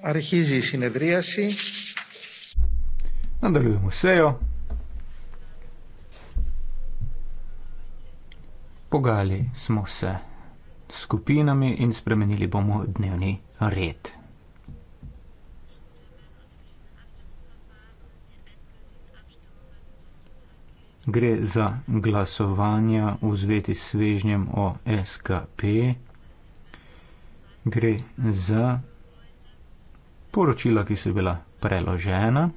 Αρχίζει η συνεδρίαση. Αντελούμε μουσείο. Pogali smo se s skupinami in spremenili bomo dnevni red. Gre za glasovanja v zvezi s svežnjem o SKP, gre za poročila, ki so bila preložena.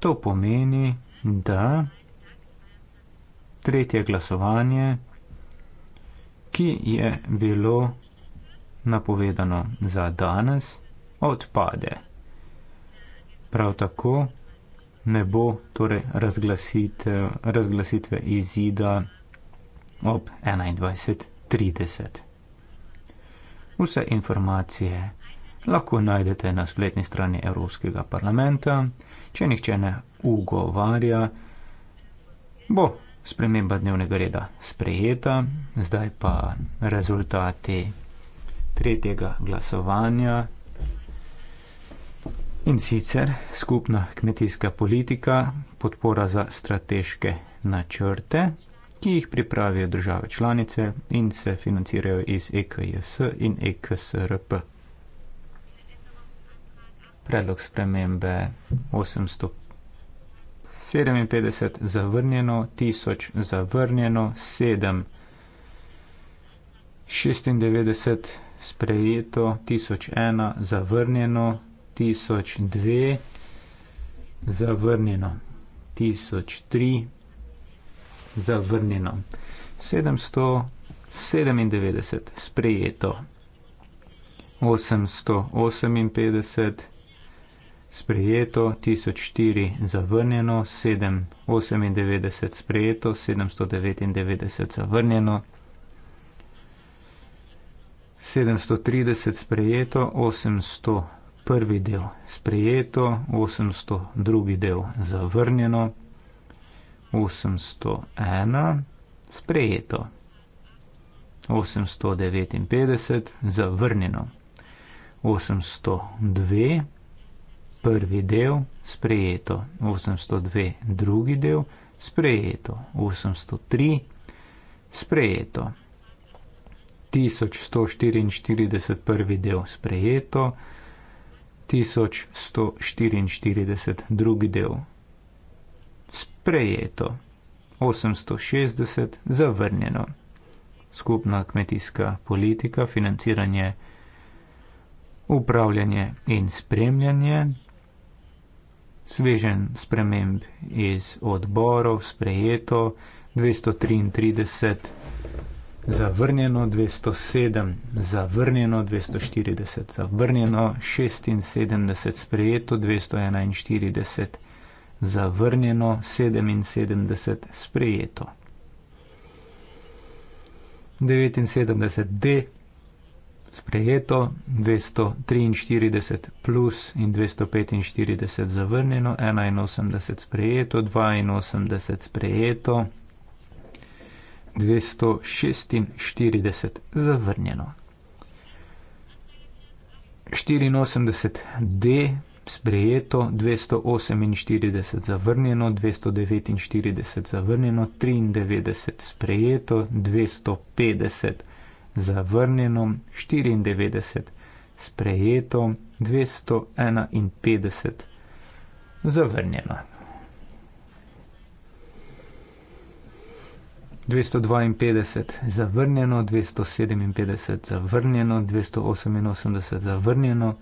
To pomeni, da tretje glasovanje, ki je bilo napovedano za danes, odpade. Prav tako ne bo torej razglasitev, razglasitve izida ob 21.30. Vse informacije lahko najdete na spletni strani Evropskega parlamenta. Če nihče ne ugovarja, bo sprememba dnevnega reda sprejeta. Zdaj pa rezultati tretjega glasovanja. In sicer skupna kmetijska politika, podpora za strateške načrte, ki jih pripravijo države članice in se financirajo iz EKJS in EKSRP predlog spremembe 857 zavrnjeno, 1000 zavrnjeno, 7 96 sprejeto, 1001 zavrnjeno, 1002 zavrnjeno, 1003 zavrnjeno, 797 sprejeto, 858 sprejeto, 1004 zavrnjeno, 798 sprejeto, 799 zavrnjeno, 730 sprejeto, 801 del sprejeto, 802 del zavrnjeno, 801 sprejeto, 859 zavrnjeno, 802 prvi del, sprejeto 802, drugi del, sprejeto 803, sprejeto 1144, prvi del, sprejeto 1144, drugi del, sprejeto 860, zavrnjeno. Skupna kmetijska politika, financiranje, upravljanje in spremljanje svežen sprememb iz odborov, sprejeto 233, zavrnjeno 207, zavrnjeno 240, zavrnjeno 76, sprejeto 241, zavrnjeno 77, sprejeto. 79D sprejeto, 243 plus in 245 zavrnjeno, 81 sprejeto, 82 sprejeto, 246 zavrnjeno. 84D sprejeto, 248 zavrnjeno, 249 zavrnjeno, 93 sprejeto, 250 zavrnjeno zavrnjeno 94, sprejeto 251, zavrnjeno. 252 zavrnjeno, 257 zavrnjeno, 288 zavrnjeno,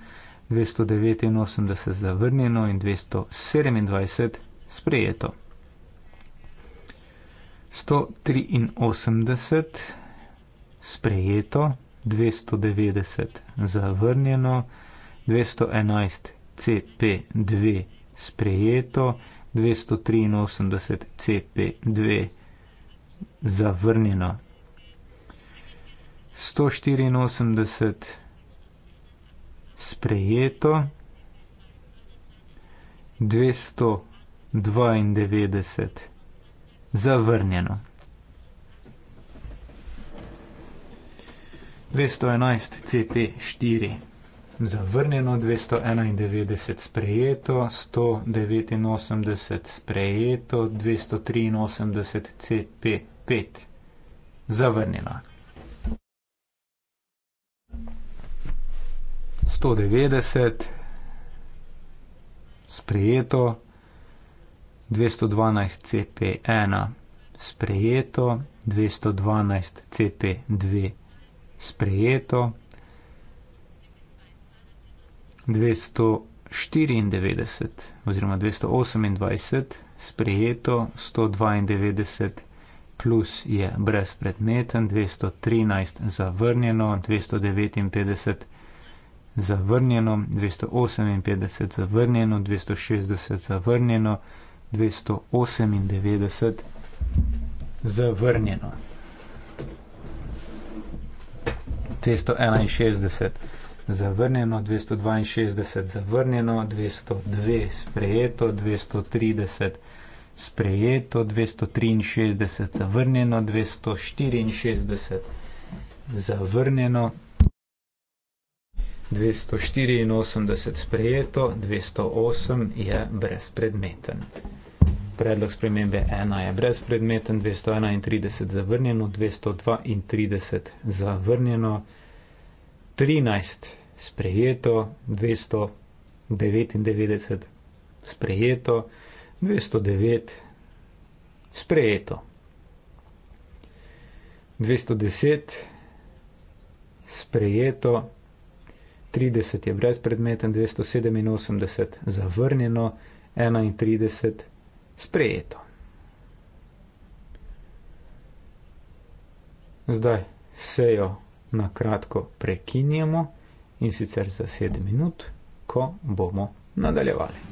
289 zavrnjeno in 227 sprejeto. 183 sprejeto, 290 zavrnjeno, 211 CP2 sprejeto, 283 CP2 zavrnjeno. 184 sprejeto, 292 zavrnjeno. 211 CT4 zavrnjeno, 291 sprejeto, 189 sprejeto, 283 CP5 zavrnjeno. 190 sprejeto, 212 CP1 sprejeto, 212 CP2 sprejeto sprejeto 294 oziroma 228, sprejeto 192 plus je brezpredmeten, 213 zavrnjeno, 259 zavrnjeno, 258 zavrnjeno, 260 zavrnjeno, 298 zavrnjeno. 261 zavrnjeno, 262 zavrnjeno, 202 sprejeto, 230 sprejeto, 263 zavrnjeno, 264 zavrnjeno. 284 sprejeto, 208 je brezpredmeten predlog spremembe 1 je brezpredmeten, 231 zavrnjeno, 232 zavrnjeno, 13 sprejeto, 299 sprejeto, 209 sprejeto, 210 sprejeto. 30 je brezpredmeten, 287 zavrnjeno, 31 sprejeto. Zdaj sejo na kratko prekinjamo in sicer za 7 minut, ko bomo nadaljevali.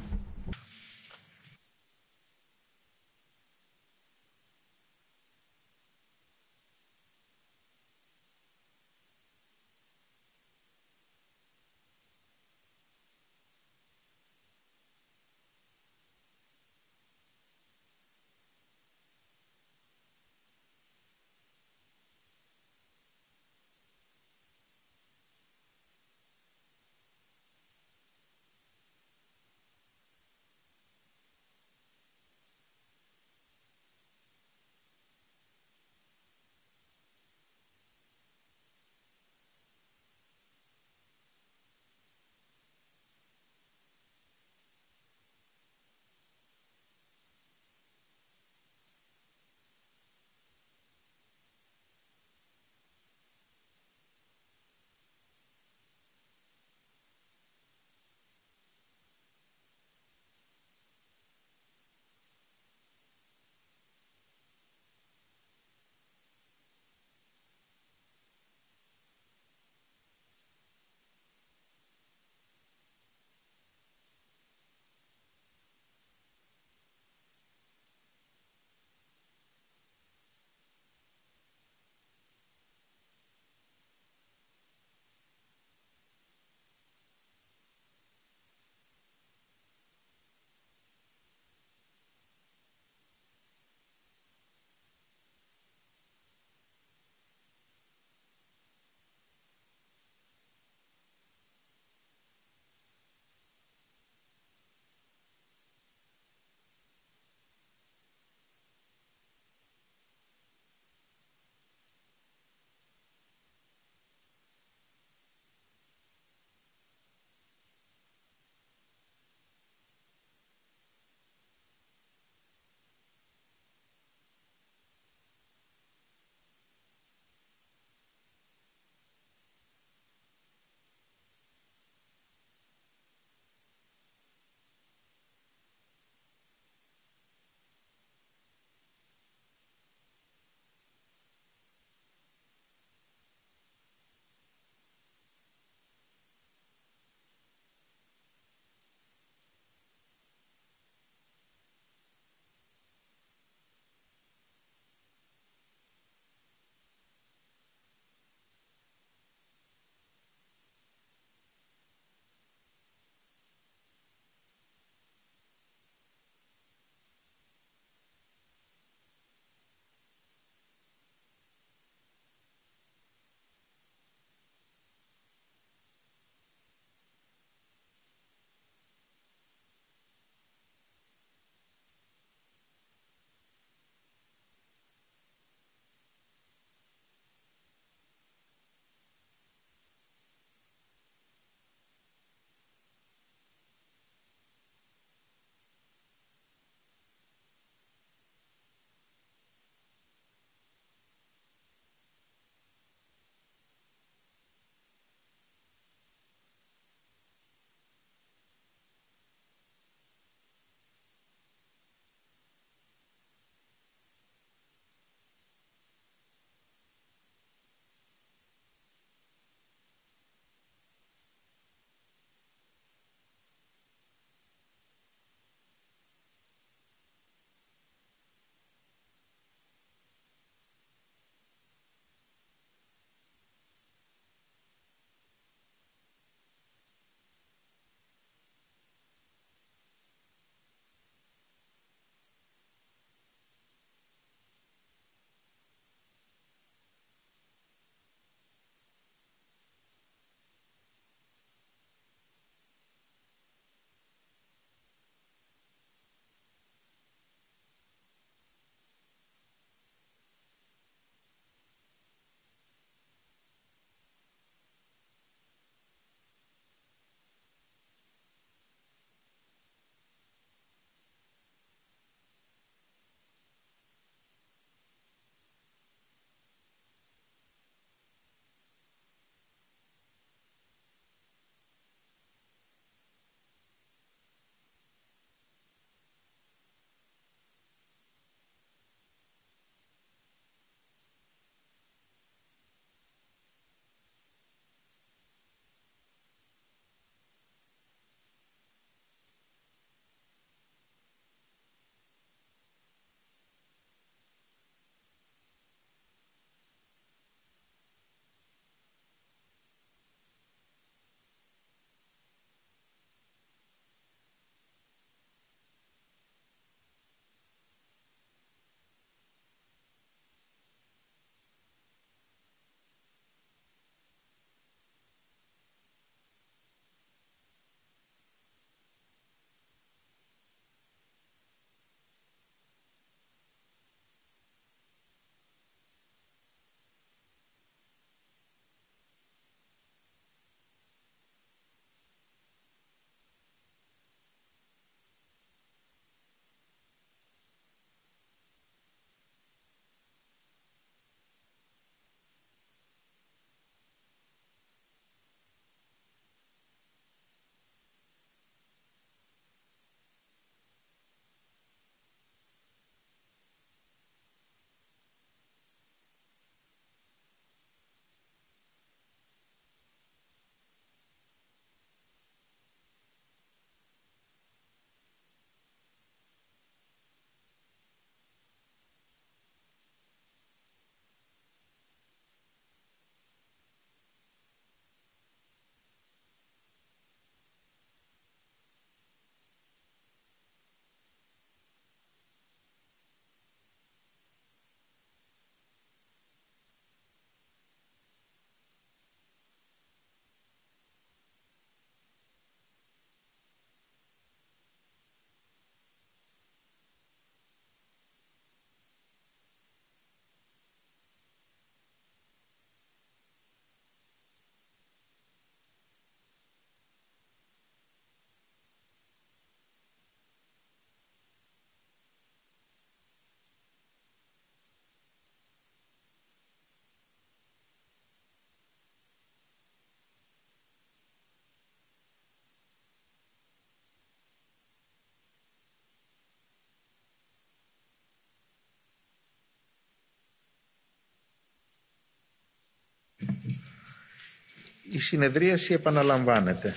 η συνεδρίαση επαναλαμβάνεται.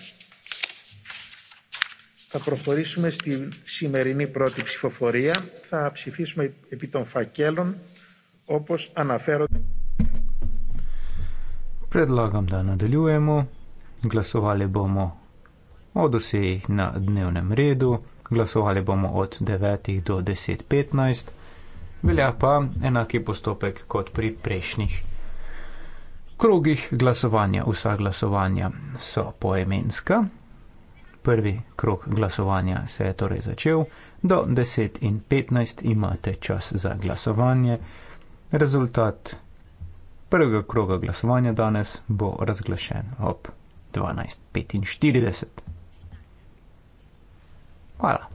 Θα προχωρήσουμε στη σημερινή πρώτη ψηφοφορία. Θα ψηφίσουμε επί των φακέλων όπως αναφέρονται. Предлагам да наделюемо. Гласували бомо одусей на дневнем реду. Гласували бомо от 9 до 10.15. Веля па, енаки поступек, код при прешних ситуациях krogih glasovanja. Vsa glasovanja so poemenska. Prvi krok glasovanja se je torej začel, do 10 in 15 imate čas za glasovanje. Rezultat prvega kroga glasovanja danes bo razglašen ob 12.45. Hvala.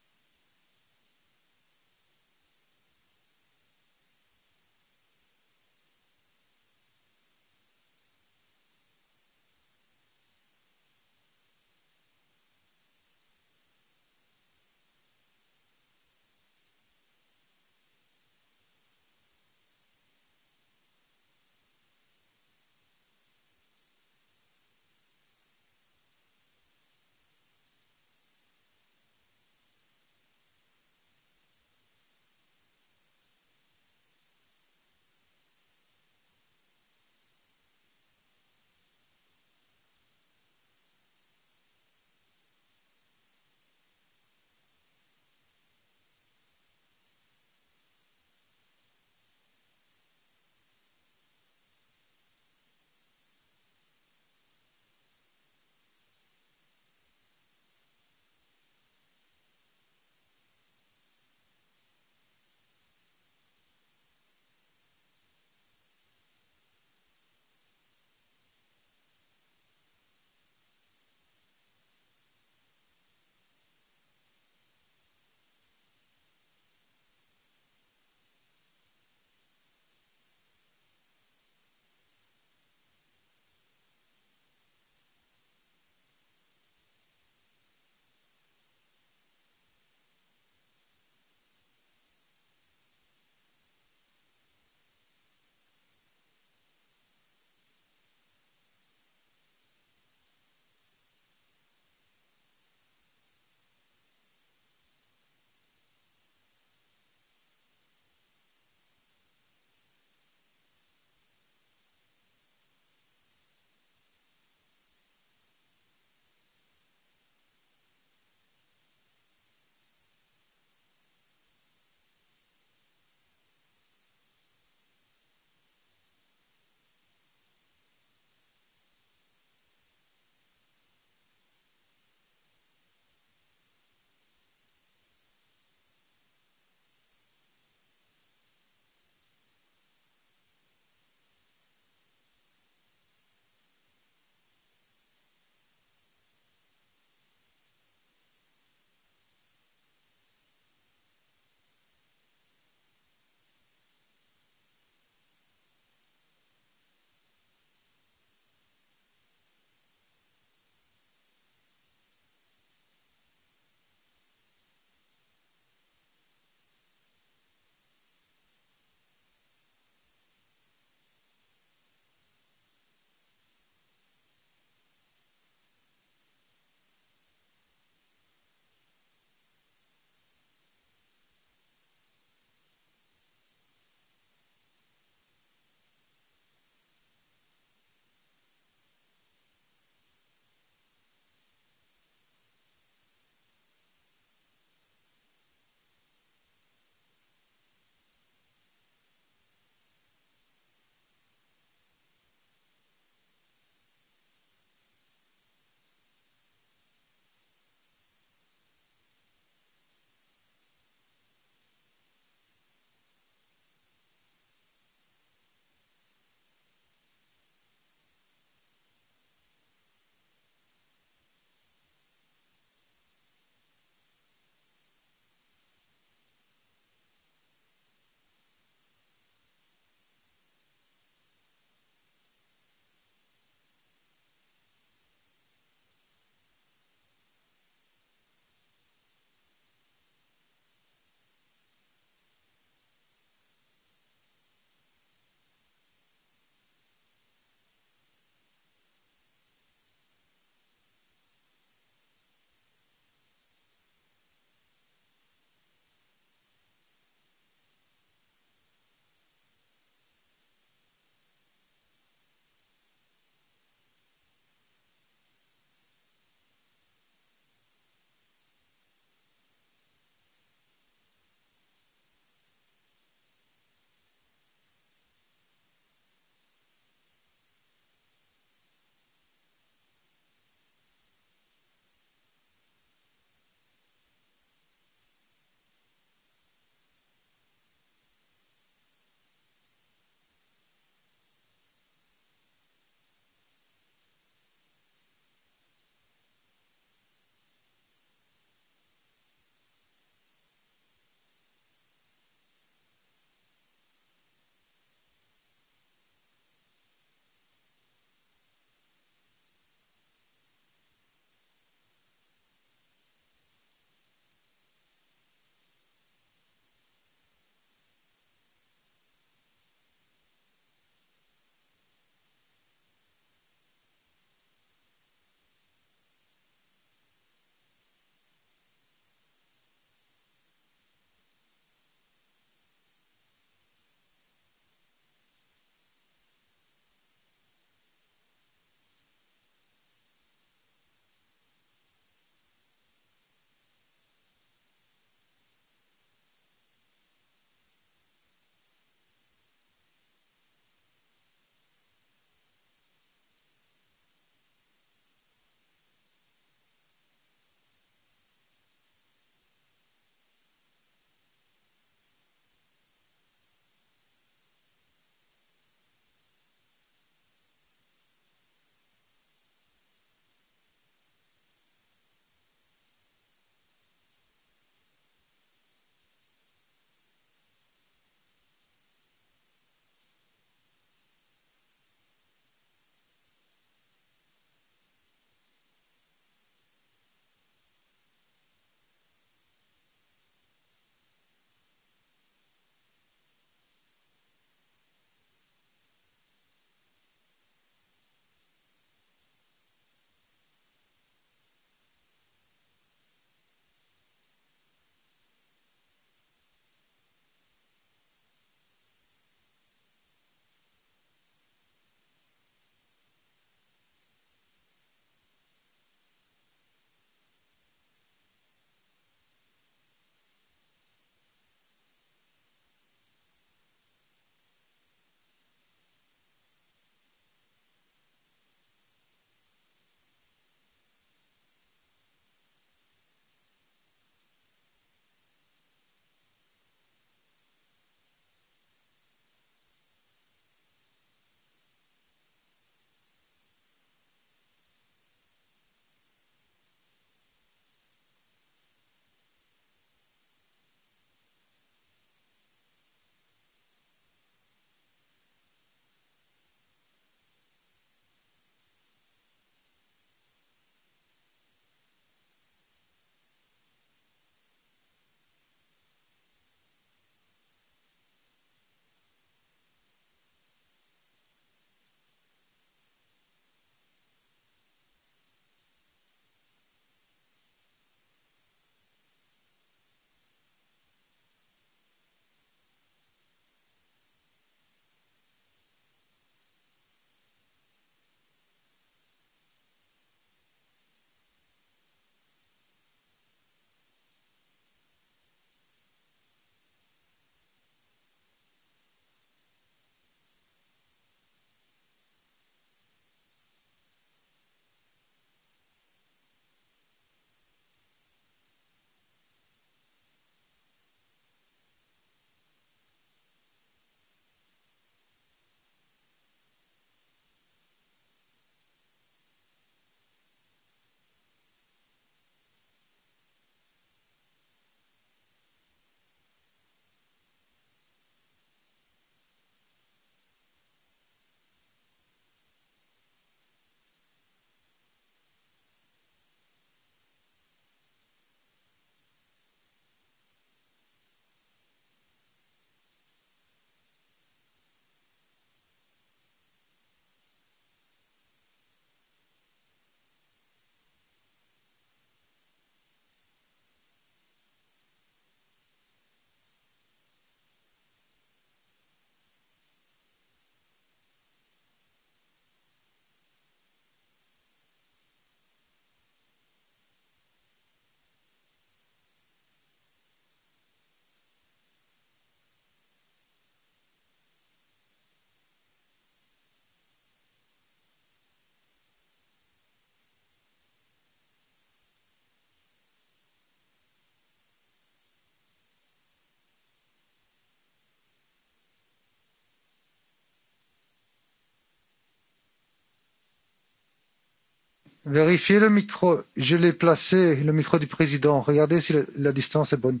vérifier le micro. Je l'ai placé, le micro du président. Regardez si la distance est bonne.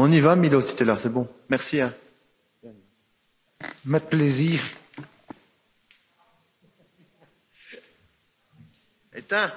On y va, Milo, si là, c'est bon. Merci. Hein. Ma plaisir. Éteint.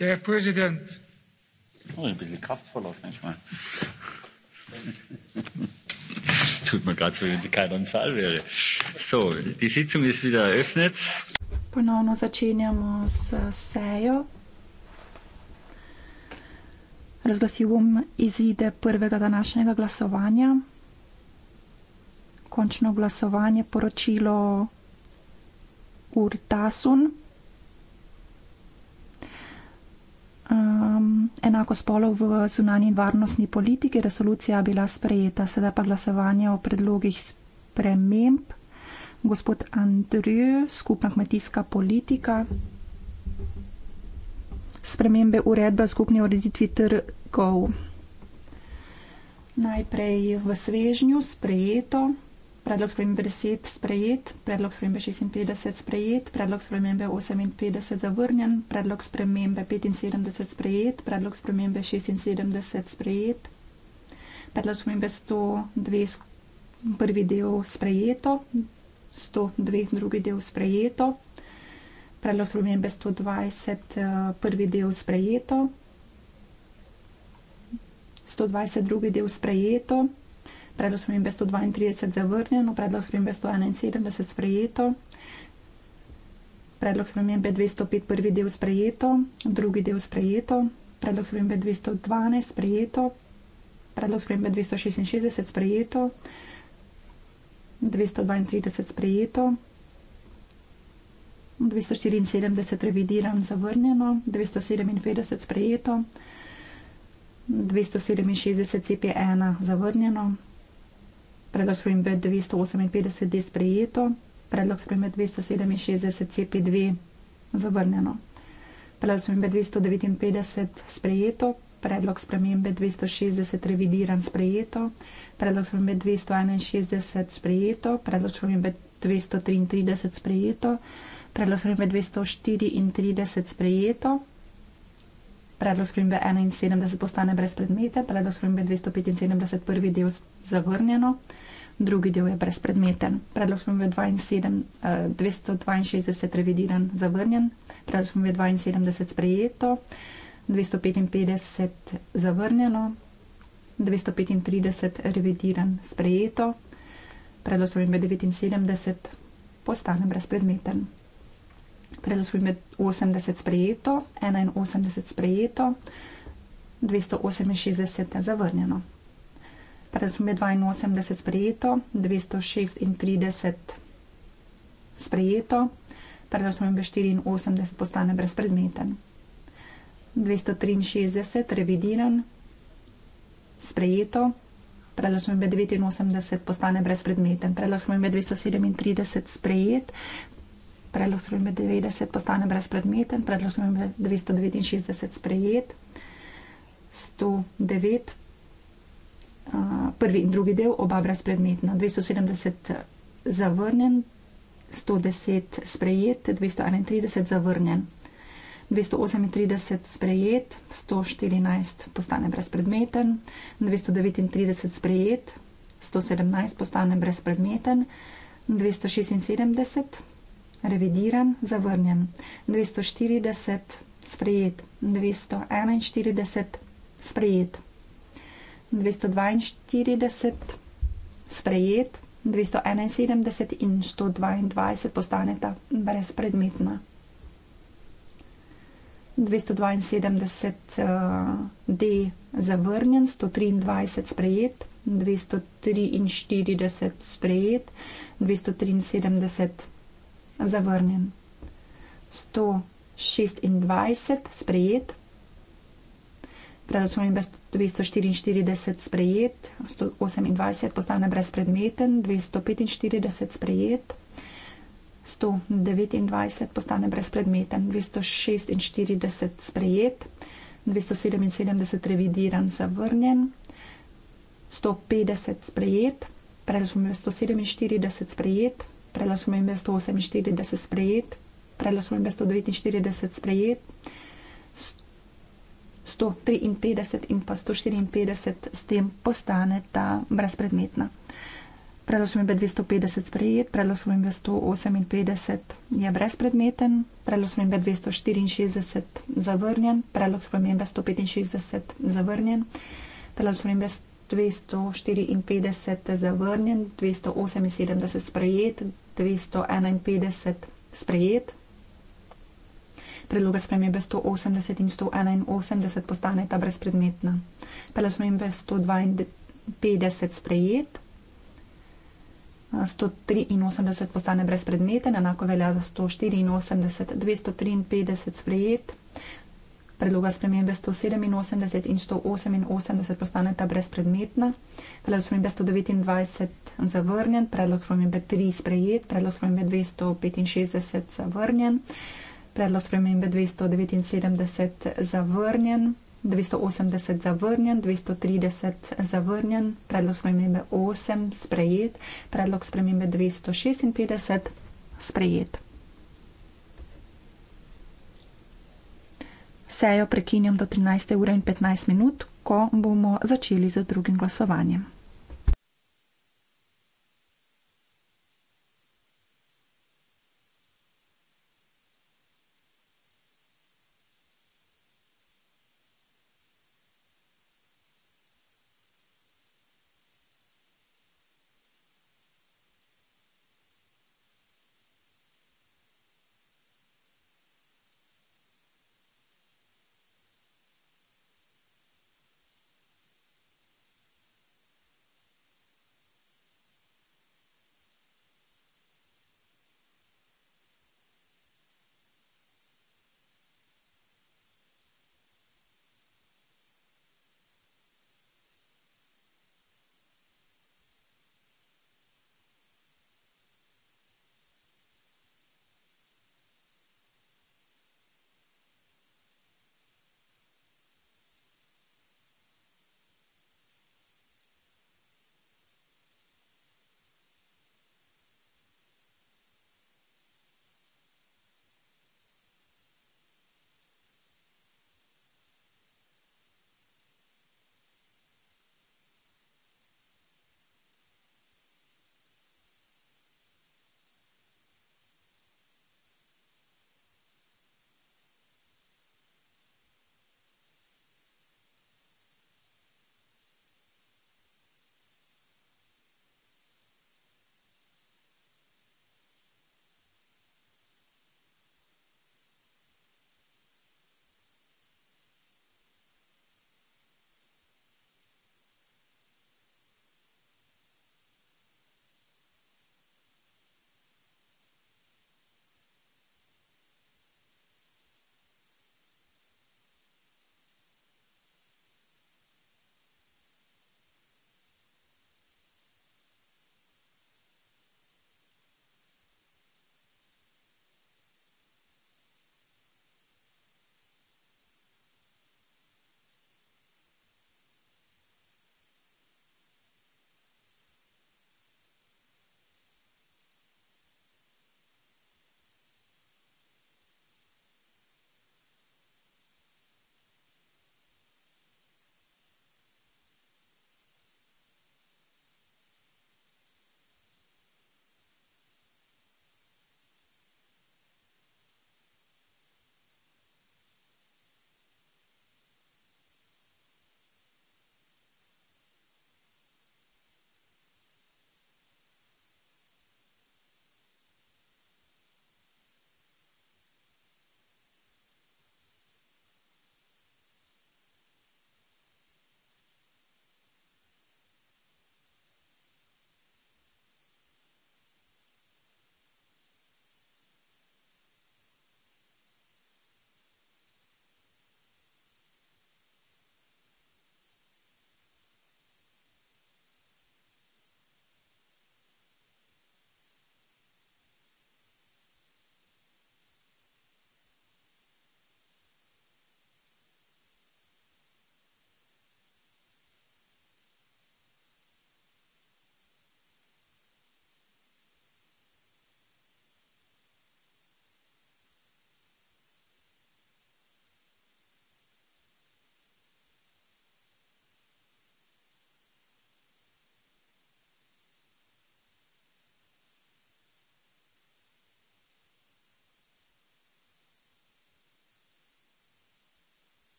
Der Präsident. Oh, ein bisschen kraftvoller, manchmal tut man gerade so, wie wenn die keiner im Saal wäre. So, die Sitzung ist wieder eröffnet. Ponovno začenjamo s sejo. Razglasil bom izide prvega današnjega glasovanja. Končno glasovanje poročilo Urtasun. enako spolov v zunanji varnostni politiki. Resolucija je bila sprejeta, sedaj pa glasovanje o predlogih sprememb. Gospod Andrej, skupna kmetijska politika. Spremembe uredbe o skupni ureditvi trgov. Najprej v svežnju sprejeto predlog spremembe 10 sprejet, predlog spremembe 56 sprejet, predlog spremembe 58 zavrnjen, predlog spremembe 75 sprejet, predlog spremembe 76 sprejet, predlog spremembe 102 prvi del sprejeto, 102 drugi del sprejeto, predlog spremembe 120 eh, prvi del sprejeto, 122 drugi del sprejeto, predlog spremembe 132 zavrnjeno, predlog spremembe 171 sprejeto, predlog spremembe 205 prvi del sprejeto, drugi del sprejeto, predlog spremembe 212 sprejeto, predlog spremembe 266 sprejeto, 232 sprejeto. 274 revidiran zavrnjeno, 257 sprejeto, 267 CP1 zavrnjeno, predlog spremembe 258D sprejeto, predlog spremembe 267C5.2 zavrnjeno. Predlog spremembe 259 sprejeto, predlog spremembe 260 revidiran sprejeto, predlog spremembe 261 sprejeto, predlog spremembe 233 sprejeto, predlog spremembe 234 sprejeto, predlog spremembe 71 postane brezpredmeten, predlog spremembe 275 prvi del zavrnjeno drugi del je brezpredmeten. Predlog smo v 262 revidiran, zavrnjen, predlog smo v 72 sprejeto, 255 zavrnjeno, 235 revidiran, sprejeto, predlog smo v 79 postane brezpredmeten. Predlog smo v 80 sprejeto, 81 sprejeto, 268 zavrnjeno. Resume 82 sprejeto, 236 sprejeto, predlog spremembe 84 postane brezpredmeten. 263 revidiran, sprejeto, predlog spremembe 89 postane brezpredmeten. Predlog spremembe 237 sprejet, predlog spremembe 90 postane brezpredmeten, predlog spremembe 269 sprejet, 109 prvi in drugi del, oba brezpredmetna. 270 zavrnjen, 110 sprejet, 231 zavrnjen. 238 sprejet, 114 postane brezpredmeten, 239 sprejet, 117 postane brezpredmeten, 276 revidiran, zavrnjen, 240 sprejet, 241 sprejet, 242 sprejet, 271 in 122 postaneta brezpredmetna. 272D eh, uh, zavrnjen, 123 sprejet, 243 sprejet, 273 zavrnjen, 126 sprejet, preračunjen brez 244 sprejet, 128 postane brezpredmeten, 245 sprejet, 129 postane brezpredmeten, 246 sprejet, 277 revidiran, zavrnjen, 150 sprejet, preračunjen brez 147 sprejet, preračunjen brez 148 sprejet, preračunjen brez 149 sprejet, 153 in pa 154 s tem postane ta brezpredmetna. Predlog smo imeli 250 sprejet, predlog smo imeli 158 je brezpredmeten, predlog smo imeli 264 zavrnjen, predlog smo imeli 165 zavrnjen, predlog smo imeli 254 zavrnjen, 278 sprejet, 251 sprejet predloga spremembe 180 in 181 postaneta brezpredmetna. Predlog spremembe 152 sprejet, 183 postane brezpredmeten, enako velja za 184, 253 sprejet, predloga spremembe 187 in 188 postaneta brezpredmetna, predlog spremembe 129 zavrnjen, predlog spremembe 3 sprejet, predlog spremembe 265 zavrnjen predlog spremembe 279 zavrnjen, 280 zavrnjen, 230 zavrnjen, predlog spremembe 8 sprejet, predlog spremembe 256 sprejet. Sejo prekinjam do 13.15, ko bomo začeli z drugim glasovanjem.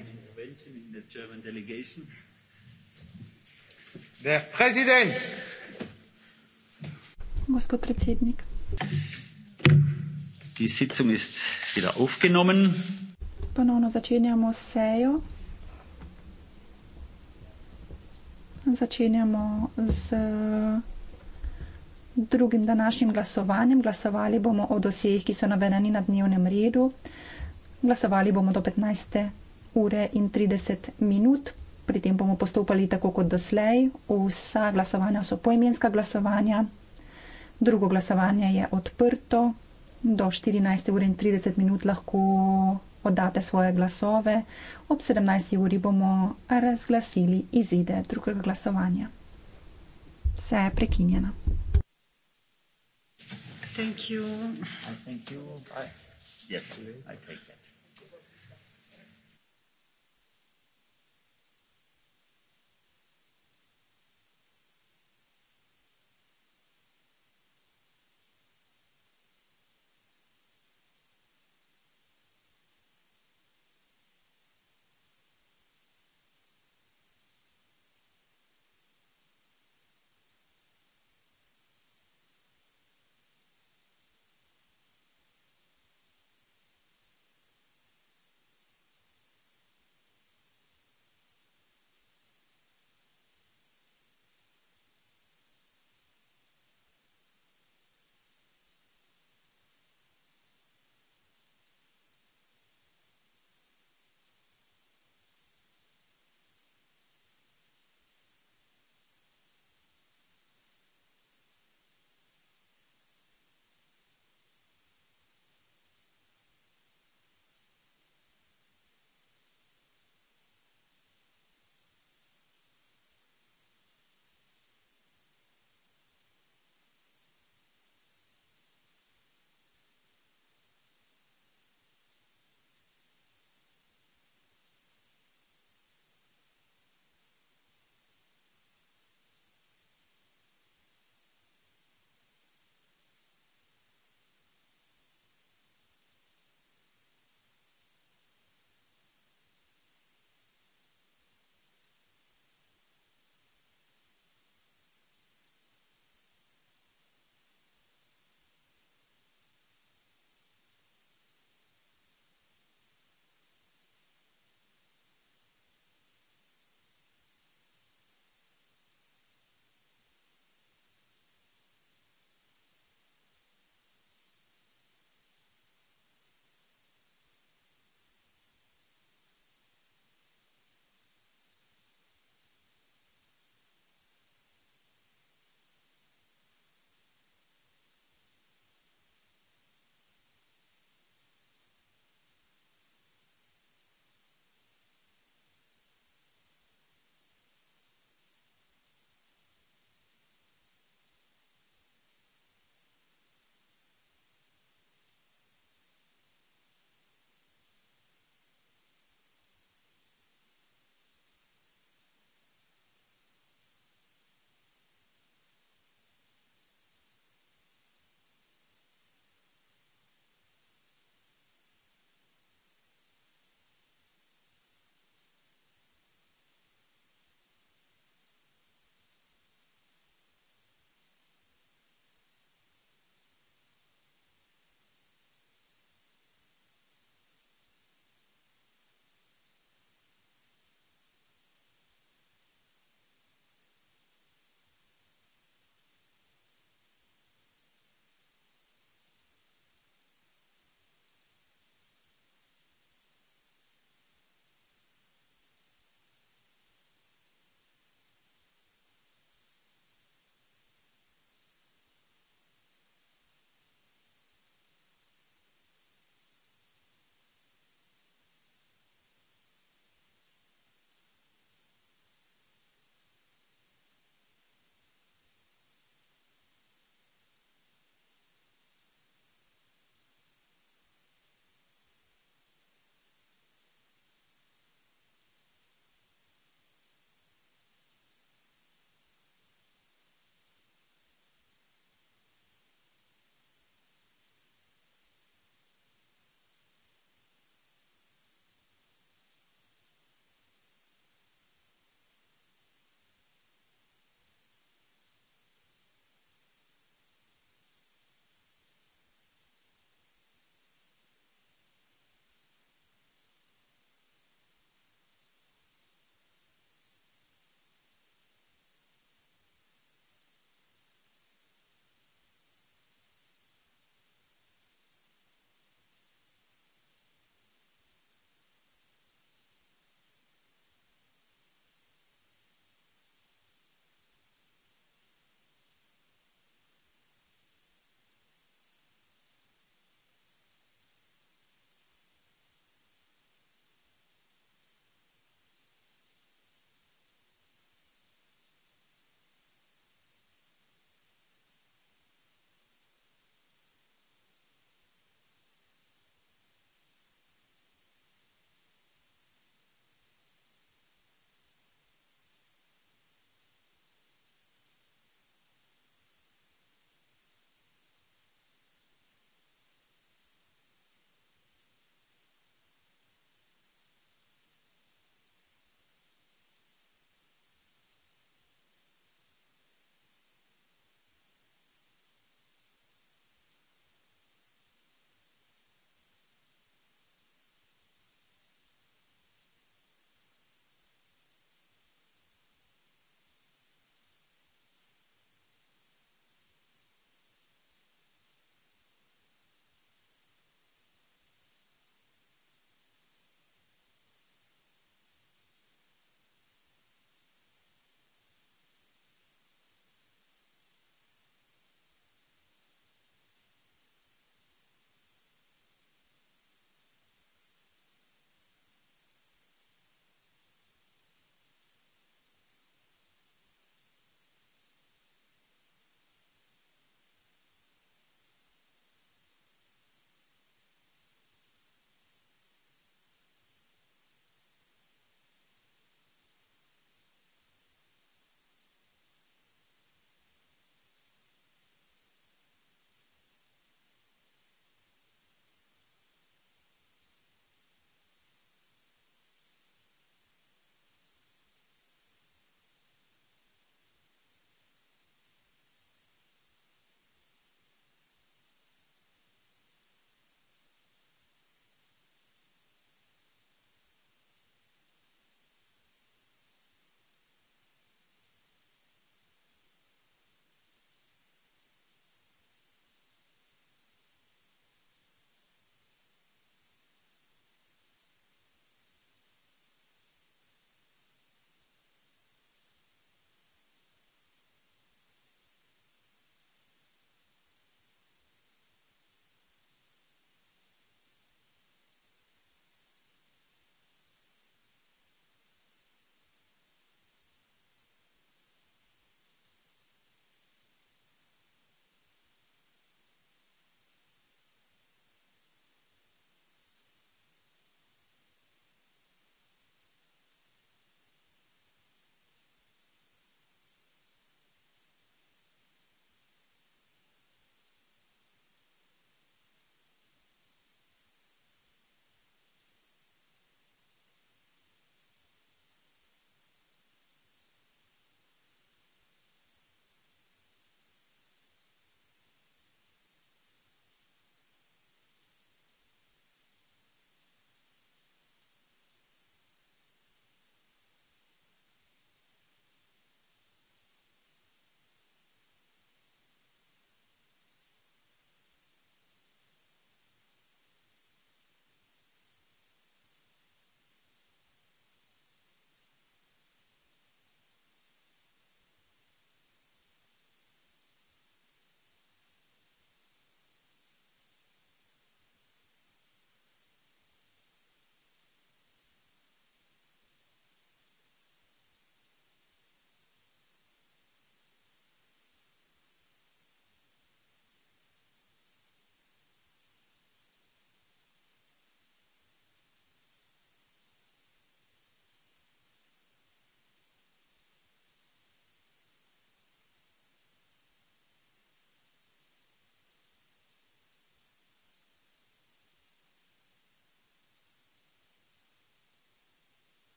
intervention in the German delegation. Der Präsident. Gospod predsednik. Die Sitzung ist wieder aufgenommen. Ponovno začenjamo sejo. Začenjamo z drugim današnjim glasovanjem. Glasovali bomo o dosejih, ki so navedeni na dnevnem redu. Glasovali bomo do 15 ure in 30 minut. Pri tem bomo postopali tako kot doslej. Vsa glasovanja so poimenska glasovanja. Drugo glasovanje je odprto. Do 14 ure in 30 minut lahko oddate svoje glasove. Ob 17 uri bomo razglasili izide drugega glasovanja. Vse je prekinjeno. Thank you. Thank you. I, yes, I take that.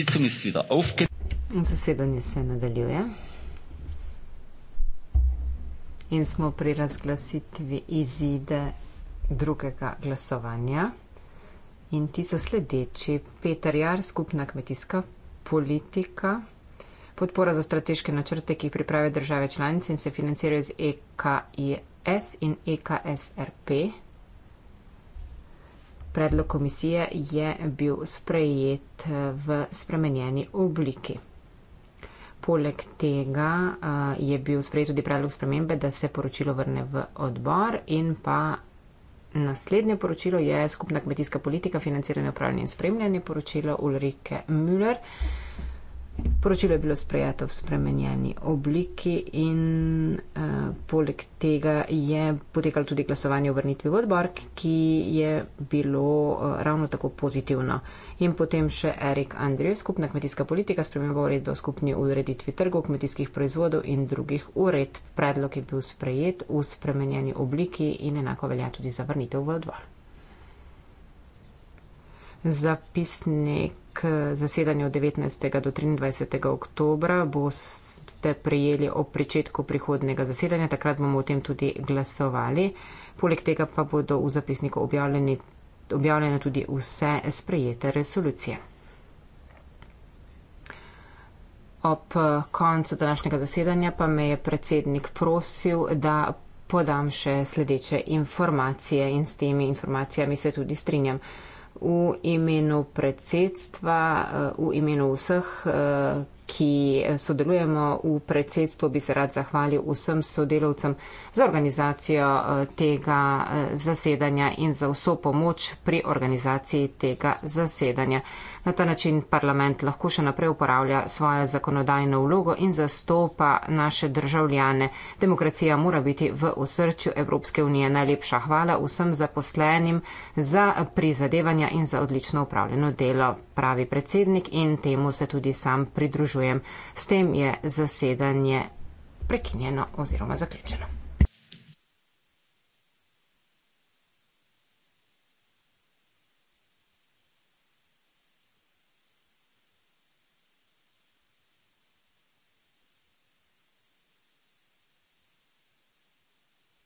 Sitzung ist wieder aufgenommen. Unsere Sitzung ist wieder aufgenommen. In smo pri razglasitvi izide drugega glasovanja. In ti so sledeči. Petar Jar, skupna kmetijska politika. Podpora za strateške načrte, ki jih pripravijo države članice in se financirajo z EKIS in EKSRP predlog komisije je bil sprejet eh, v spremenjeni obliki. Poleg tega eh, je bil sprejet tudi predlog spremembe, da se poročilo vrne v odbor in pa naslednje poročilo je skupna kmetijska politika, financiranje, upravljanje in spremljanje poročilo Ulrike Müller. Poročilo je bilo sprejeto v spremenjeni obliki in uh, poleg tega je potekalo tudi glasovanje o vrnitvi v odbor, ki je bilo uh, ravno tako pozitivno. In potem še Erik Andrej, skupna kmetijska politika, sprememba uredbe o skupni ureditvi trgov kmetijskih proizvodov in drugih ured. Predlog je bil sprejet v spremenjeni obliki in enako velja tudi za vrnitev v odbor. Zapisnik k zasedanju 19. do 23. oktobra boste prijeli ob pričetku prihodnega zasedanja, takrat bomo o tem tudi glasovali. Poleg tega pa bodo v zapisniku objavljeni, objavljene tudi vse sprejete resolucije. Ob koncu današnjega zasedanja pa me je predsednik prosil, da podam še sledeče informacije in s temi informacijami se tudi strinjam v imenu predsedstva, eh, v imenu vseh, eh, ki sodelujemo v predsedstvu, bi se rad zahvalil vsem sodelovcem za organizacijo eh, tega zasedanja in za vso pomoč pri organizaciji tega zasedanja. Na ta način parlament lahko še naprej uporablja svojo zakonodajno vlogo in zastopa naše državljane. Demokracija mora biti v osrčju Evropske unije. Najlepša hvala vsem zaposlenim za prizadevanja in za odlično upravljeno delo, pravi predsednik in temu se tudi sam pridružujem. S tem je zasedanje prekinjeno oziroma zaključeno.